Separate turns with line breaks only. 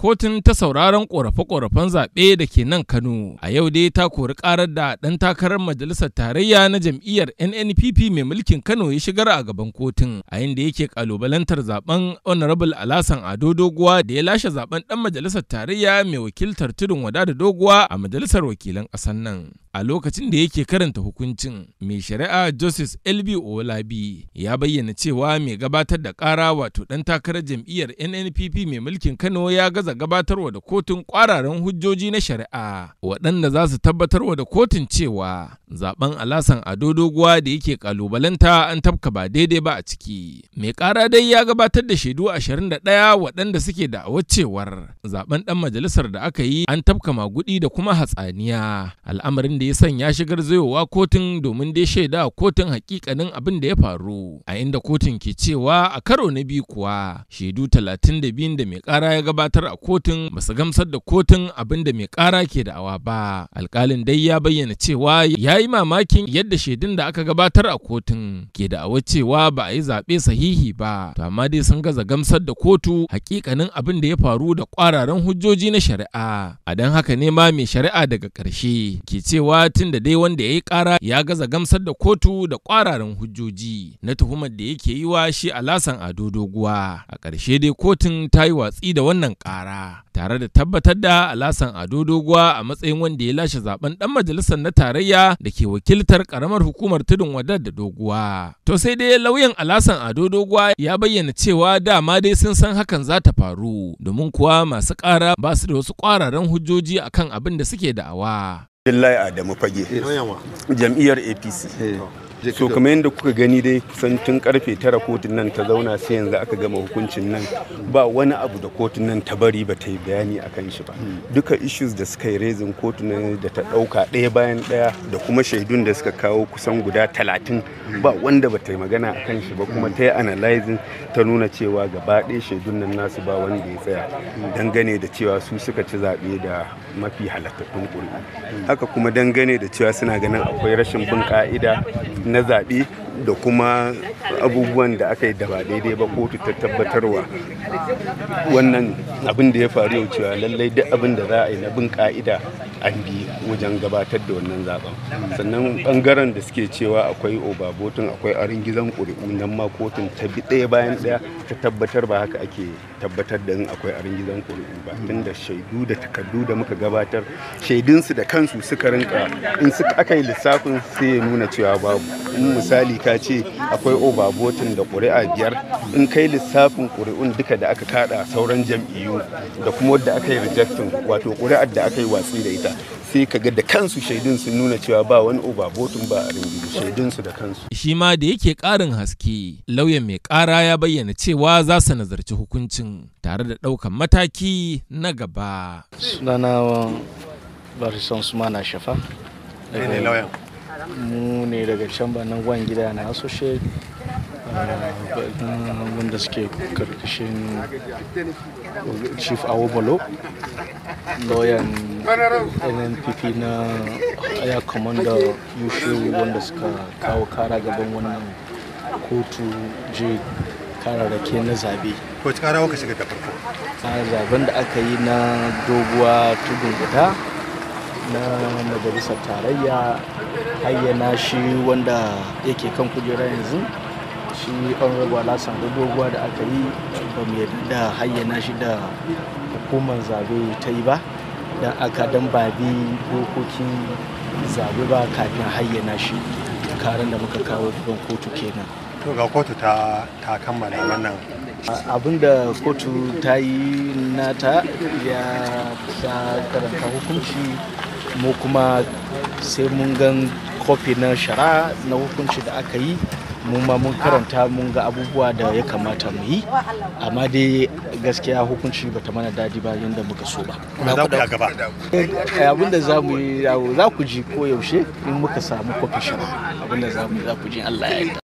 kotun ta sauraron ƙorafe-ƙorafen zaɓe da ke nan Kano. A yau dai ta kori ƙarar da ɗan takarar majalisar tarayya na jam'iyyar NNPP mai mulkin Kano ya shigar a gaban kotun, a inda yake ƙalubalantar zaben Honorable Alasan Ado Doguwa da ya lashe zaben ɗan majalisar tarayya mai wakiltar tudun wada da doguwa a majalisar wakilan ƙasar nan. a lokacin da yake karanta hukuncin mai shari'a joseph lb olabi ya bayyana cewa mai gabatar da kara wato dan takarar jam'iyyar nnpp mai mulkin kano ya gaza gabatarwa da kotun kwararan hujjoji na shari'a waɗanda za su tabbatarwa da kotun cewa zaben alasan ado doguwa da yake kalubalanta an tafka ba daidai ba a ciki mai kara dai ya gabatar da shaidu ashirin da ɗaya waɗanda suke da cewar zaben dan majalisar da aka yi an tafka maguɗi da kuma hatsaniya al'amarin da ya sanya shi garzayowa kotun domin dai shaida kotun hakikanin abin da ya faru a inda kotun ke cewa a karo na biyu kuwa shaidu talatin da biyun da mai kara ya gabatar a kotun ba su gamsar da kotun abin da mai kara ke da awa ba alkalin dai ya bayyana cewa ya yi mamakin yadda shaidun da aka gabatar a kotun ke da awa cewa ba a yi zaɓe sahihi ba to amma dai sun gaza gamsar da kotu hakikanin abin da ya faru da kwararan hujjoji na shari'a a don haka ne ma mai shari'a daga ƙarshe ke cewa cewa tun da dai wanda ya yi kara ya gaza gamsar da kotu da ƙwararan hujjoji na tuhumar da yake yi wa shi alasan ado doguwa a ƙarshe dai kotun ta yi watsi da wannan ƙara tare da tabbatar da alasan ado doguwa a matsayin wanda ya lashe zaben dan majalisar na tarayya da ke wakiltar ƙaramar hukumar tudun wadar da doguwa to sai dai lauyan alasan ado doguwa ya bayyana cewa dama dai sun san hakan za ta faru domin kuwa masu ƙara ba su da wasu kwararan hujjoji akan abin da suke da'awa
Abdullahi Adamu Fage, jam'iyyar APC. Eh. so kamar yadda kuka gani dai kusan tun karfe tara kotun nan ta zauna sai yanzu aka gama hukuncin nan ba wani abu da kotun nan ta bari ba ta yi bayani a kan shi ba hmm. duka issues da suka yi rezin kotun nan da ta dauka ɗaya bayan ɗaya da kuma shaidun da suka kawo kusan guda talatin ba wanda ba ta yi magana a kan shi ba kuma ta yi analyzing ta nuna cewa gaba ɗaya shaidun nan nasu ba wanda ya tsaya hmm. dangane da cewa su suka ci zaɓe da mafi halattattun ƙuri'u hmm. haka kuma dangane da cewa suna ganin akwai rashin bin ƙa'ida na zaɓe da kuma abubuwan da aka yi da ba daidai ba kotu ta tabbatarwa wannan abin da ya faru yau cewa lallai duk abin da za a yi na bin ka'ida an bi wajen gabatar da wannan zaben sannan bangaren da suke cewa akwai obabotin akwai arin gizon kuri'u nan ma kotun ta bi ɗaya bayan ɗaya ta tabbatar ba haka ake tabbatar da akwai arin gizan kuri'u ba tun da shaidu da takardu da muka gabatar shaidunsu da kansu suka rinka in suka aka yi lissafin sai ya nuna cewa babu misali ka ce akwai botin da ƙuri'a biyar in kai lissafin ƙuri'un duka da aka kada sauran jam'iyyu da kuma wadda aka yi rejectin wato ƙuri'ar da aka yi watsi da ita sai ka ga da kansu shaidun sun nuna cewa ba wani overvoting ba a rinjiru
shaidun su da kansu. Shi ma da yake ƙarin haske lauyan mai ƙara ya bayyana cewa za su nazarci hukuncin tare da ɗaukan mataki na gaba.
Sunana Barisan na Shafa. Ne lauyan. mu ne daga ba nan gwan gida na asoshe eh, wanda suke karkashin chief awobolo Lawyan nnpp na aya commander yushe wanda suka kawo kara gaban wannan kotu je kararrake na zabe kara ka shiga da farko zaben da aka yi na doguwa tudun guda na majalisar tarayya hayyana shi wanda yake kan kujera yanzu shi honorable alasan doguwa da aka yi ba mu yarda da hayyana shi da hukumar zabe ta yi ba don aka dan ba bi dokokin zabe ba kafin hayyana shi karin da muka kawo gaban kotu kenan to ga kotu ta ta kammala wannan abin da kotu ta yi nata ya ta karanta hukunci mu kuma sai mun gan kofi na shara na hukunci da aka yi mu ma mun karanta mun ga abubuwa da ya kamata mu yi amma dai gaskiya hukunci bata mana dadi ba yadda muka so ba eh, abinda za mu yi za ku ji ko yaushe in muka samu kofi shara abinda za mu yi za ku ji Allah ya yi